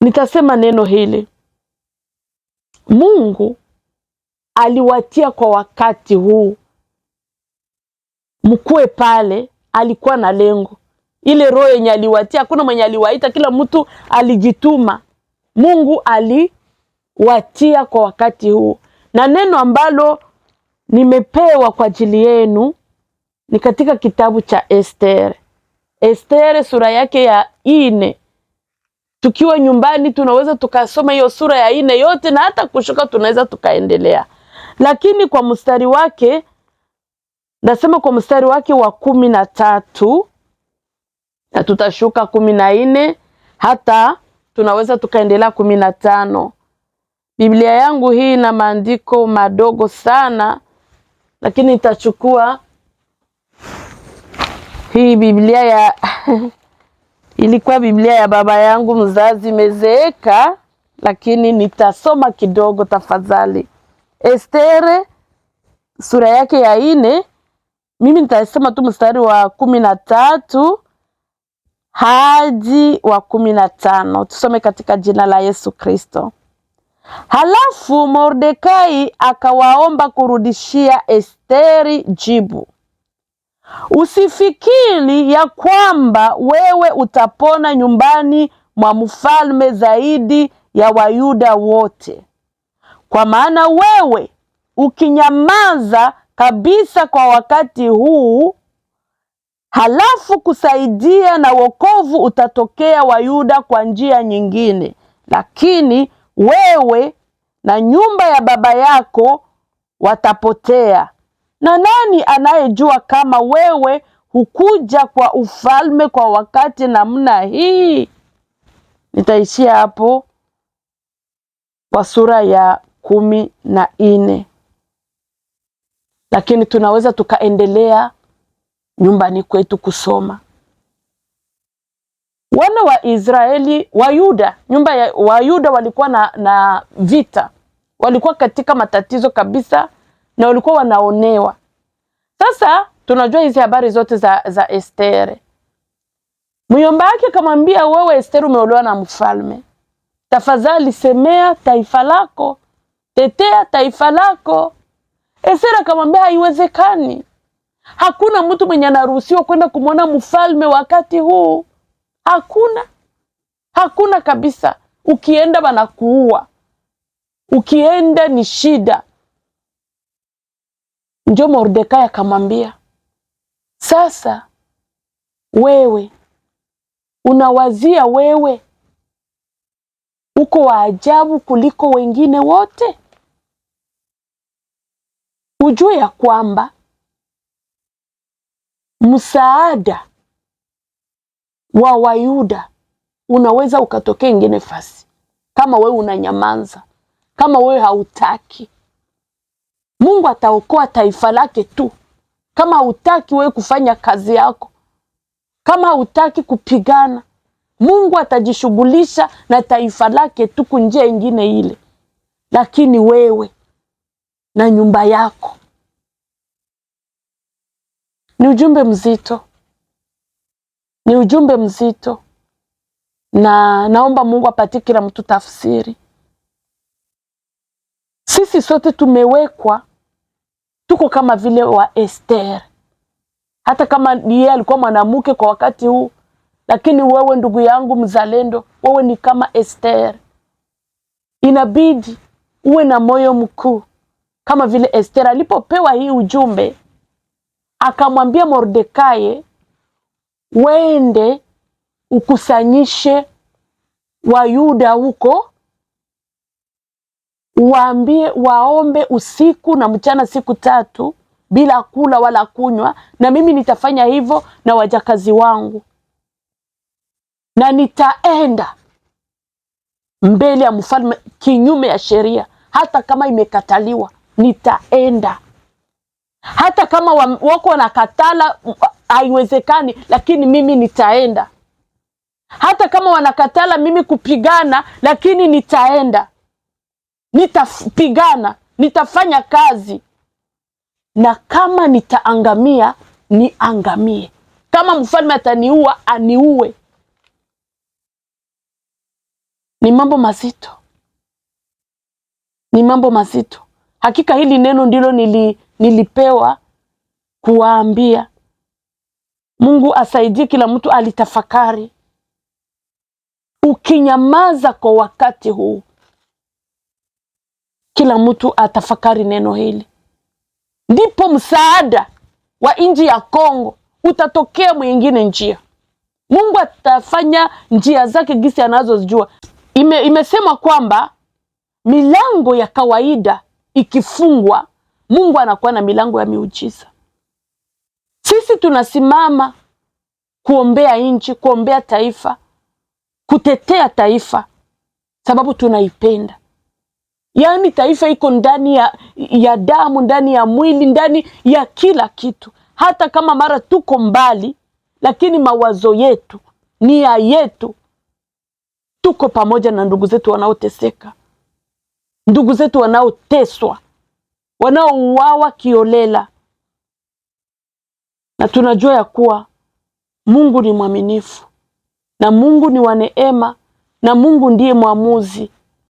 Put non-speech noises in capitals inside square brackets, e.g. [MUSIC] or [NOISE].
Nitasema neno hili. Mungu aliwatia kwa wakati huu, mkuwe pale. Alikuwa na lengo, ile roho yenye aliwatia, hakuna mwenye aliwaita, kila mtu alijituma. Mungu aliwatia kwa wakati huu, na neno ambalo nimepewa kwa ajili yenu ni katika kitabu cha Esther. Esther sura yake ya ine tukiwa nyumbani tunaweza tukasoma hiyo sura ya ine yote na hata kushuka tunaweza tukaendelea, lakini kwa mstari wake nasema kwa mstari wake wa kumi na tatu na tutashuka kumi na nne hata tunaweza tukaendelea kumi na tano. Biblia yangu hii ina maandiko madogo sana, lakini nitachukua hii Biblia ya [LAUGHS] Ilikuwa Biblia ya baba yangu mzazi imezeeka, lakini nitasoma kidogo tafadhali. Estere sura yake ya ine, mimi nitasoma tu mstari wa kumi na tatu hadi wa kumi na tano. Tusome katika jina la Yesu Kristo. Halafu Mordekai akawaomba kurudishia Esteri jibu Usifikiri ya kwamba wewe utapona nyumbani mwa mfalme zaidi ya Wayuda wote, kwa maana wewe ukinyamaza kabisa kwa wakati huu, halafu kusaidia na wokovu utatokea Wayuda kwa njia nyingine, lakini wewe na nyumba ya baba yako watapotea. Na nani anayejua kama wewe hukuja kwa ufalme kwa wakati namna hii? Nitaishia hapo kwa sura ya kumi na nne, lakini tunaweza tukaendelea nyumbani kwetu kusoma. Wana wa Israeli wa Yuda, nyumba ya Yuda walikuwa na, na vita, walikuwa katika matatizo kabisa na walikuwa wanaonewa. Sasa tunajua hizi habari zote za, za Esther. Muyomba yake akamwambia, wewe Esther, umeolewa na mfalme, tafadhali semea taifa lako, tetea taifa lako. Esther akamwambia, haiwezekani, hakuna mtu mwenye anaruhusiwa kwenda kumwona mfalme wakati huu, hakuna hakuna kabisa. Ukienda wanakuua, ukienda ni shida. Njo Mordekai akamwambia, sasa wewe unawazia wewe uko wa ajabu kuliko wengine wote? Ujue ya kwamba msaada wa Wayuda unaweza ukatokea ingine fasi, kama wewe unanyamanza, kama wewe hautaki Mungu ataokoa taifa lake tu. Kama hutaki wewe kufanya kazi yako, kama hutaki kupigana, Mungu atajishughulisha na taifa lake tu njia ingine ile, lakini wewe na nyumba yako. Ni ujumbe mzito, ni ujumbe mzito, na naomba Mungu apatie kila mtu tafsiri. Sisi sote tumewekwa tuko kama vile wa Esther. Hata kama yeye alikuwa mwanamke kwa wakati huu, lakini wewe ndugu yangu mzalendo, wewe ni kama Esther. Inabidi uwe na moyo mkuu kama vile Esther alipopewa hii ujumbe, akamwambia Mordekai, wende ukusanyishe Wayuda huko waambie waombe usiku na mchana siku tatu bila kula wala kunywa, na mimi nitafanya hivyo na wajakazi wangu, na nitaenda mbele ya mfalme kinyume ya sheria, hata kama imekataliwa nitaenda, hata kama wako wanakatala haiwezekani, lakini mimi nitaenda. Hata kama wanakatala mimi kupigana, lakini nitaenda nitapigana, nitafanya kazi, na kama nitaangamia niangamie, kama mfalme ataniua aniue. Ni mambo mazito, ni mambo mazito. Hakika hili neno ndilo nili, nilipewa kuwaambia. Mungu asaidie kila mtu alitafakari. Ukinyamaza kwa wakati huu kila mtu atafakari neno hili, ndipo msaada wa nchi ya Kongo utatokea mwingine njia. Mungu atafanya njia zake gisi anazozijua. Ime, imesema kwamba milango ya kawaida ikifungwa, Mungu anakuwa na milango ya miujiza. Sisi tunasimama kuombea nchi, kuombea taifa, kutetea taifa sababu tunaipenda. Yaani taifa iko ndani ya, ya damu, ndani ya mwili, ndani ya kila kitu. Hata kama mara tuko mbali, lakini mawazo yetu, nia yetu, tuko pamoja na ndugu zetu wanaoteseka, ndugu zetu wanaoteswa, wanaouawa kiolela, na tunajua ya kuwa Mungu ni mwaminifu na Mungu ni wa neema na Mungu ndiye mwamuzi.